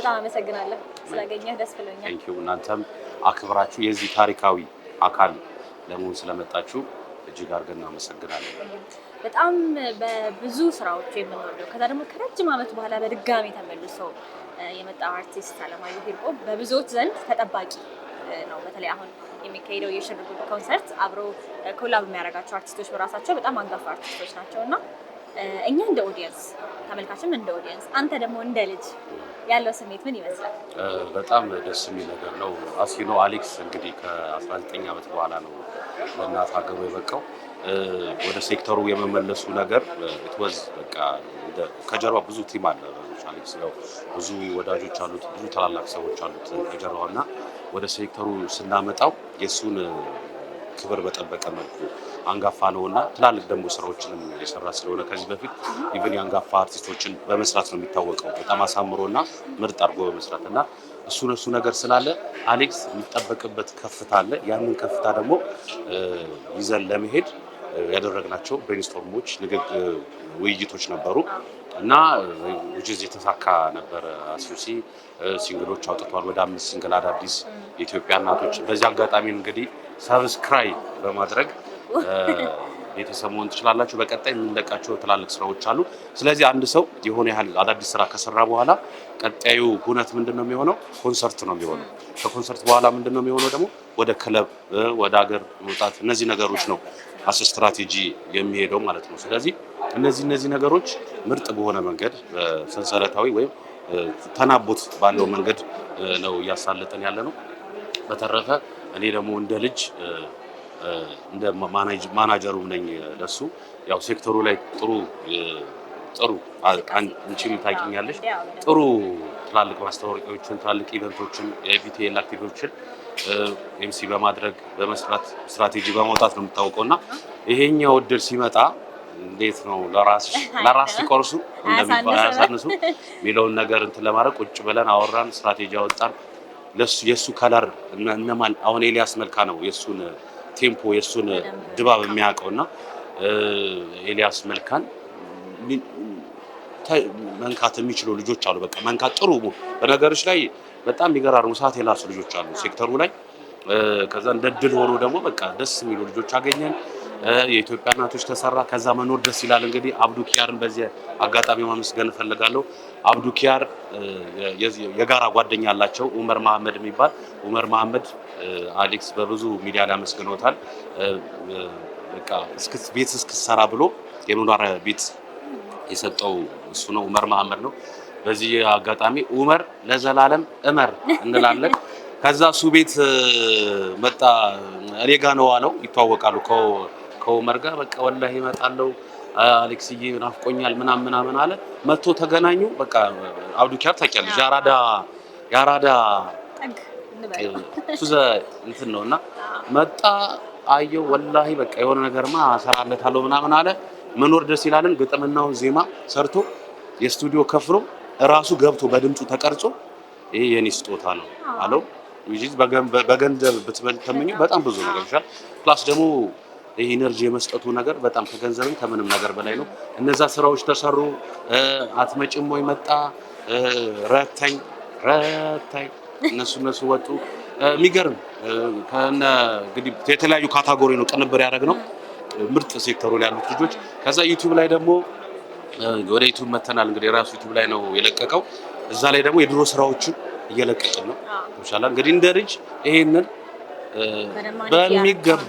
በጣም አመሰግናለሁ ስላገኘህ ደስ ብሎኛል። ቴንኪው እናንተም አክብራችሁ የዚህ ታሪካዊ አካል ለመሆን ስለመጣችሁ እጅግ አድርገን እናመሰግናለን። በጣም በብዙ ስራዎች የምንወደው ከዛ ደግሞ ከረጅም ዓመት በኋላ በድጋሚ ተመልሶ የመጣው አርቲስት አለማየሁ ሂርቆ በብዙዎች ዘንድ ተጠባቂ ነው። በተለይ አሁን የሚካሄደው የሽርጉድ ኮንሰርት አብሮ ኮላብ የሚያደርጋቸው አርቲስቶች በራሳቸው በጣም አንጋፋ አርቲስቶች ናቸው እና እኛ እንደ ኦዲየንስ ተመልካችም እንደ ኦዲየንስ፣ አንተ ደግሞ እንደ ልጅ ያለው ስሜት ምን ይመስላል? በጣም ደስ የሚል ነገር ነው። አሲኖ አሌክስ እንግዲህ ከ19 ዓመት በኋላ ነው ለእናት ሀገሩ የበቃው። ወደ ሴክተሩ የመመለሱ ነገር ኢትወዝ በቃ ከጀርባ ብዙ ቲም አለ። አሌክስ ያው ብዙ ወዳጆች አሉት፣ ብዙ ታላላቅ ሰዎች አሉት ከጀርባው እና ወደ ሴክተሩ ስናመጣው የእሱን ክብር በጠበቀ መልኩ አንጋፋ ነው እና ትላልቅ ደግሞ ስራዎችንም የሰራ ስለሆነ ከዚህ በፊት ኢቨን የአንጋፋ አርቲስቶችን በመስራት ነው የሚታወቀው በጣም አሳምሮ እና ምርጥ አድርጎ በመስራት እና እሱ እሱ ነገር ስላለ አሌክስ የሚጠበቅበት ከፍታ አለ። ያንን ከፍታ ደግሞ ይዘን ለመሄድ ያደረግናቸው ብሬንስቶርሞች፣ ውይይቶች ነበሩ እና ውጅዝ የተሳካ ነበረ። አሲሲ ሲንግሎች አውጥተዋል። ወደ አምስት ሲንግል አዳዲስ የኢትዮጵያ እናቶች በዚህ አጋጣሚ እንግዲህ ሰብስክራይብ በማድረግ ቤተሰብ መሆን ትችላላችሁ። በቀጣይ የምንለቃቸው ትላልቅ ስራዎች አሉ። ስለዚህ አንድ ሰው የሆነ ያህል አዳዲስ ስራ ከሰራ በኋላ ቀጣዩ ሁነት ምንድን ነው የሚሆነው? ኮንሰርት ነው የሚሆነው። ከኮንሰርት በኋላ ምንድን ነው የሚሆነው ደግሞ ወደ ክለብ፣ ወደ ሀገር መውጣት፣ እነዚህ ነገሮች ነው አስ ስትራቴጂ የሚሄደው ማለት ነው። ስለዚህ እነዚህ እነዚህ ነገሮች ምርጥ በሆነ መንገድ ሰንሰለታዊ ወይም ተናቦት ባለው መንገድ ነው እያሳለጠን ያለ ነው። በተረፈ እኔ ደግሞ እንደ ልጅ እንደ ማናጀሩም ነኝ ለሱ ያው ሴክተሩ ላይ ጥሩ ጥሩ አንቺም ታውቂኛለሽ ጥሩ ትላልቅ ማስታወቂያዎችን ትላልቅ ኢቨንቶችን አክቲቪቲዎችን ኤምሲ በማድረግ በመስራት ስትራቴጂ በማውጣት ነው የምታውቀው እና ይሄኛው እድል ሲመጣ እንዴት ነው ለራስ ሲቆርሱ የሚለውን ነገር እንትን ለማድረግ ቁጭ ብለን አወራን፣ ስትራቴጂ አወጣን። የእሱ ከለር እነማን አሁን ኤልያስ መልካ ነው የእሱን ቴምፖ የእሱን ድባብ የሚያውቀውና ኤልያስ መልካን መንካት የሚችሉ ልጆች አሉ። በቃ መንካት ጥሩ በነገሮች ላይ በጣም የሚገራርሙ ሰዓት የላሱ ልጆች አሉ ሴክተሩ ላይ። ከዛ እንደ ድል ሆኖ ደግሞ በቃ ደስ የሚሉ ልጆች አገኘን። የኢትዮጵያ እናቶች ተሰራ፣ ከዛ መኖር ደስ ይላል። እንግዲህ አብዱ ኪያርን በዚህ አጋጣሚ ማመስገን እፈልጋለሁ። አብዱ ኪያር የጋራ ጓደኛ አላቸው ኡመር መሐመድ የሚባል ኡመር መሐመድ አሌክስ በብዙ ሚዲያ ላይ አመስግኖታል። ቤት እስክሰራ ብሎ የመኖሪያ ቤት የሰጠው እሱ ነው፣ ኡመር መሐመድ ነው። በዚህ አጋጣሚ ኡመር ለዘላለም እመር እንላለን። ከዛ እሱ ቤት መጣ። እኔ ጋ ነው ዋለው። ይተዋወቃሉ። ከኡመር ጋር በቃ ወላሂ እመጣለሁ አሌክስዬ ናፍቆኛል ምናምን ምናምን አለ። መጥቶ ተገናኙ። በቃ አብዱ ኪያር ታውቂያለሽ፣ የአራዳ የአራዳ ሱዘ እንትን ነው እና መጣ አየው። ወላሂ በቃ የሆነ ነገርማ እሰራለታለሁ ምናምን አለ። መኖር ደስ ይላልን። ግጥምናውን ዜማ ሰርቶ የስቱዲዮ ከፍሎ እራሱ ገብቶ በድምፁ ተቀርጾ ይሄ የኔ ስጦታ ነው አለው። በገንዘብ ብትመል በጣም ብዙ ነገር ይሻል ፕላስ ደግሞ ይሄ ኢነርጂ የመስጠቱ ነገር በጣም ከገንዘብም ከምንም ነገር በላይ ነው። እነዛ ስራዎች ተሰሩ። አትመጭም ወይ መጣ ረታኝ ረታኝ እነሱ እነሱ ወጡ። የሚገርም ከነ እንግዲህ የተለያዩ ካታጎሪ ነው ቅንብር ያደረግ ነው ምርጥ ሴክተሩ ላይ ያሉት ልጆች። ከዛ ዩቲዩብ ላይ ደግሞ ወደ ዩቲዩብ መተናል እንግዲህ የራሱ ዩቲዩብ ላይ ነው የለቀቀው። እዛ ላይ ደግሞ የድሮ ስራዎችን እየለቀቅን ነው። ኢንሻአላህ እንግዲህ እንደ ልጅ ይሄንን በሚገባ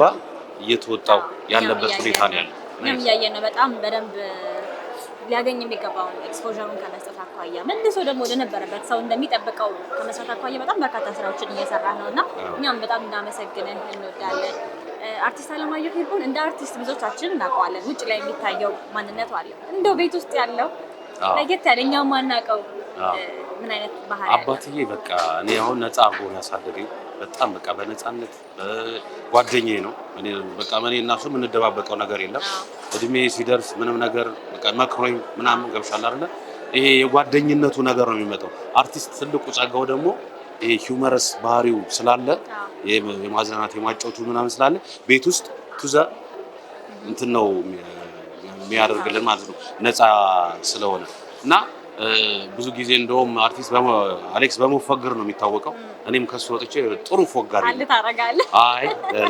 እየተወጣው ያለበት ሁኔታ ነው ያለው። እኛም እያየን ነው። በጣም በደንብ ሊያገኝ የሚገባውን ኤክስፖሩን ከመስጠት አኳያ መልሶ ደግሞ ወደነበረበት ሰው እንደሚጠብቀው ከመስጠት አኳያ በጣም በርካታ ስራዎችን እየሰራ ነው እና እኛም በጣም እናመሰግንን እንወዳለን። አርቲስት አለማየሁ ሂርቡን እንደ አርቲስት ብዙዎቻችን እናውቀዋለን። ውጭ ላይ የሚታየው ማንነቱ አለ። እንደው ቤት ውስጥ ያለው ለየት ያለ እኛም ማናውቀው ምን አይነት ባህሪ? አባትዬ በቃ እኔ አሁን ነፃ አርጎ ነው ያሳደገኝ። በጣም በቃ በነፃነት ጓደኛዬ ነው። እኔ በቃ እኔ እና እሱ የምንደባበቀው ነገር የለም። እድሜ ሲደርስ ምንም ነገር በቃ መክሮኝ ምናምን ገብሻል አይደለ? ይሄ የጓደኝነቱ ነገር ነው የሚመጣው። አርቲስት ትልቁ ጸጋው ደግሞ ይሄ ሂውመረስ ባህሪው ስላለ የማዝናናት የማጫወቱ ምናምን ስላለ ቤት ውስጥ ቱዘ እንትን ነው የሚያደርግልን ማለት ነው ነፃ ስለሆነ እና ብዙ ጊዜ እንደውም አርቲስት አሌክስ በመፈገር ነው የሚታወቀው። እኔም ከሱ ወጥቼ ጥሩ ፎጋሪ አይ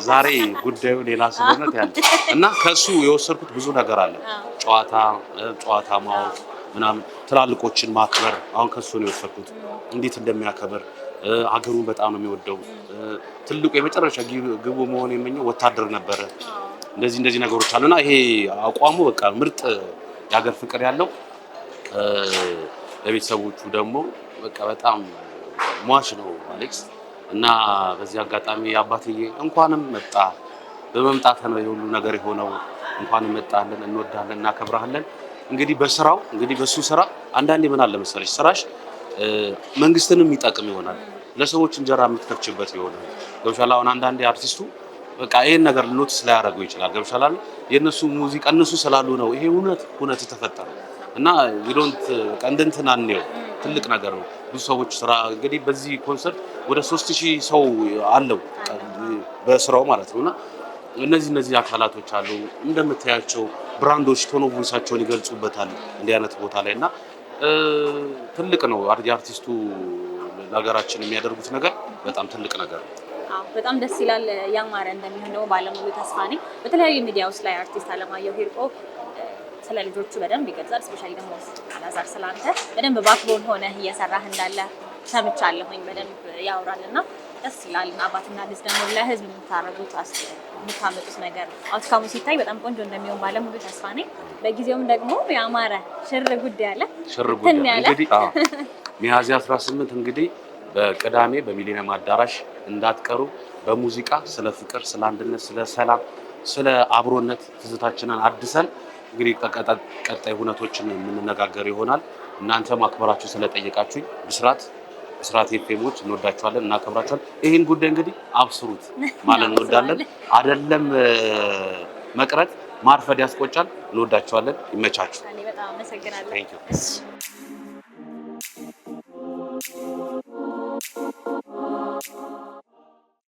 ዛሬ ጉዳዩ ሌላ ስለሆነ እና ከሱ የወሰድኩት ብዙ ነገር አለ። ጨዋታ ጨዋታ ማወቅ ምናምን፣ ትላልቆችን ማክበር። አሁን ከሱ ነው የወሰድኩት እንዴት እንደሚያከብር አገሩን በጣም ነው የሚወደው። ትልቁ የመጨረሻ ግቡ መሆን የመኘው ወታደር ነበረ። እንደዚህ እንደዚህ ነገሮች አሉና ይሄ አቋሙ በቃ ምርጥ የሀገር ፍቅር ያለው ለቤተሰቦቹ ደግሞ በቃ በጣም ሟች ነው አሌክስ እና በዚህ አጋጣሚ አባትዬ እንኳንም መጣ በመምጣት ነው የሁሉ ነገር የሆነው። እንኳንም መጣለን፣ እንወዳለን፣ እናከብራለን። እንግዲህ በስራው እንግዲህ በሱ ስራ አንዳንዴ ምን አለ መሰለሽ ስራሽ መንግስትንም ይጠቅም ይሆናል፣ ለሰዎች እንጀራ የምትከፍችበት ይሆናል። ገብሻላ አሁን አንዳንዴ አርቲስቱ በቃ ይሄን ነገር ኖት ስላያደረገው ይችላል። ገብሻላ የእነሱ ሙዚቃ እነሱ ስላሉ ነው ይሄ እውነት እውነት ተፈጠረ። እና ዊዶንት ቀንደንትና ነው ትልቅ ነገር ነው። ብዙ ሰዎች ስራ እንግዲህ በዚህ ኮንሰርት ወደ ሶስት ሺህ ሰው አለው በስራው ማለት ነውና እነዚህ እነዚህ አካላቶች አሉ እንደምታያቸው ብራንዶች ቶኖ ቮይሳቸውን ይገልጹበታል እንዲህ አይነት ቦታ ላይ እና ትልቅ ነው። የአርቲስቱ ለሀገራችን የሚያደርጉት ነገር በጣም ትልቅ ነገር ነው። በጣም ደስ ይላል። ያማረ እንደሚሆነው ባለሙሉ ተስፋ ነኝ። በተለያዩ ሚዲያዎች ላይ አርቲስት አለማየሁ ሂርቆ ስለ ልጆቹ በደንብ ይገልጻል። ስፔሻሊ ደግሞ አላዛር ስለአንተ በደንብ ባክቦን ሆነ እየሰራህ እንዳለ ሰምቻለሁኝ። በደንብ ያወራል እና ደስ ይላል። አባትና ልጅ ደግሞ ለህዝብ የምታረጉት የምታመጡት ነገር አውትካሙ ሲታይ በጣም ቆንጆ እንደሚሆን ባለሙሉ ተስፋ ነኝ። በጊዜውም ደግሞ የአማረ ሽር ጉድ ያለ ሽር ጉድ ያለ እንግዲህ ሚያዝያ 18 እንግዲህ በቅዳሜ በሚሊኒየም አዳራሽ እንዳትቀሩ። በሙዚቃ ስለ ፍቅር፣ ስለ አንድነት፣ ስለ ሰላም፣ ስለ አብሮነት ትዝታችንን አድሰን እንግዲህ ቀጣይ ሁነቶችን የምንነጋገር ይሆናል። እናንተ ማክበራችሁ ስለጠየቃችሁኝ ብስራት ብስራት ኤፍኤሞች እንወዳችኋለን፣ እናከብራችኋለን። ይህን ጉዳይ እንግዲህ አብስሩት ማለት እንወዳለን። አይደለም መቅረት ማርፈድ ያስቆጫል። እንወዳችኋለን። ይመቻችሁ።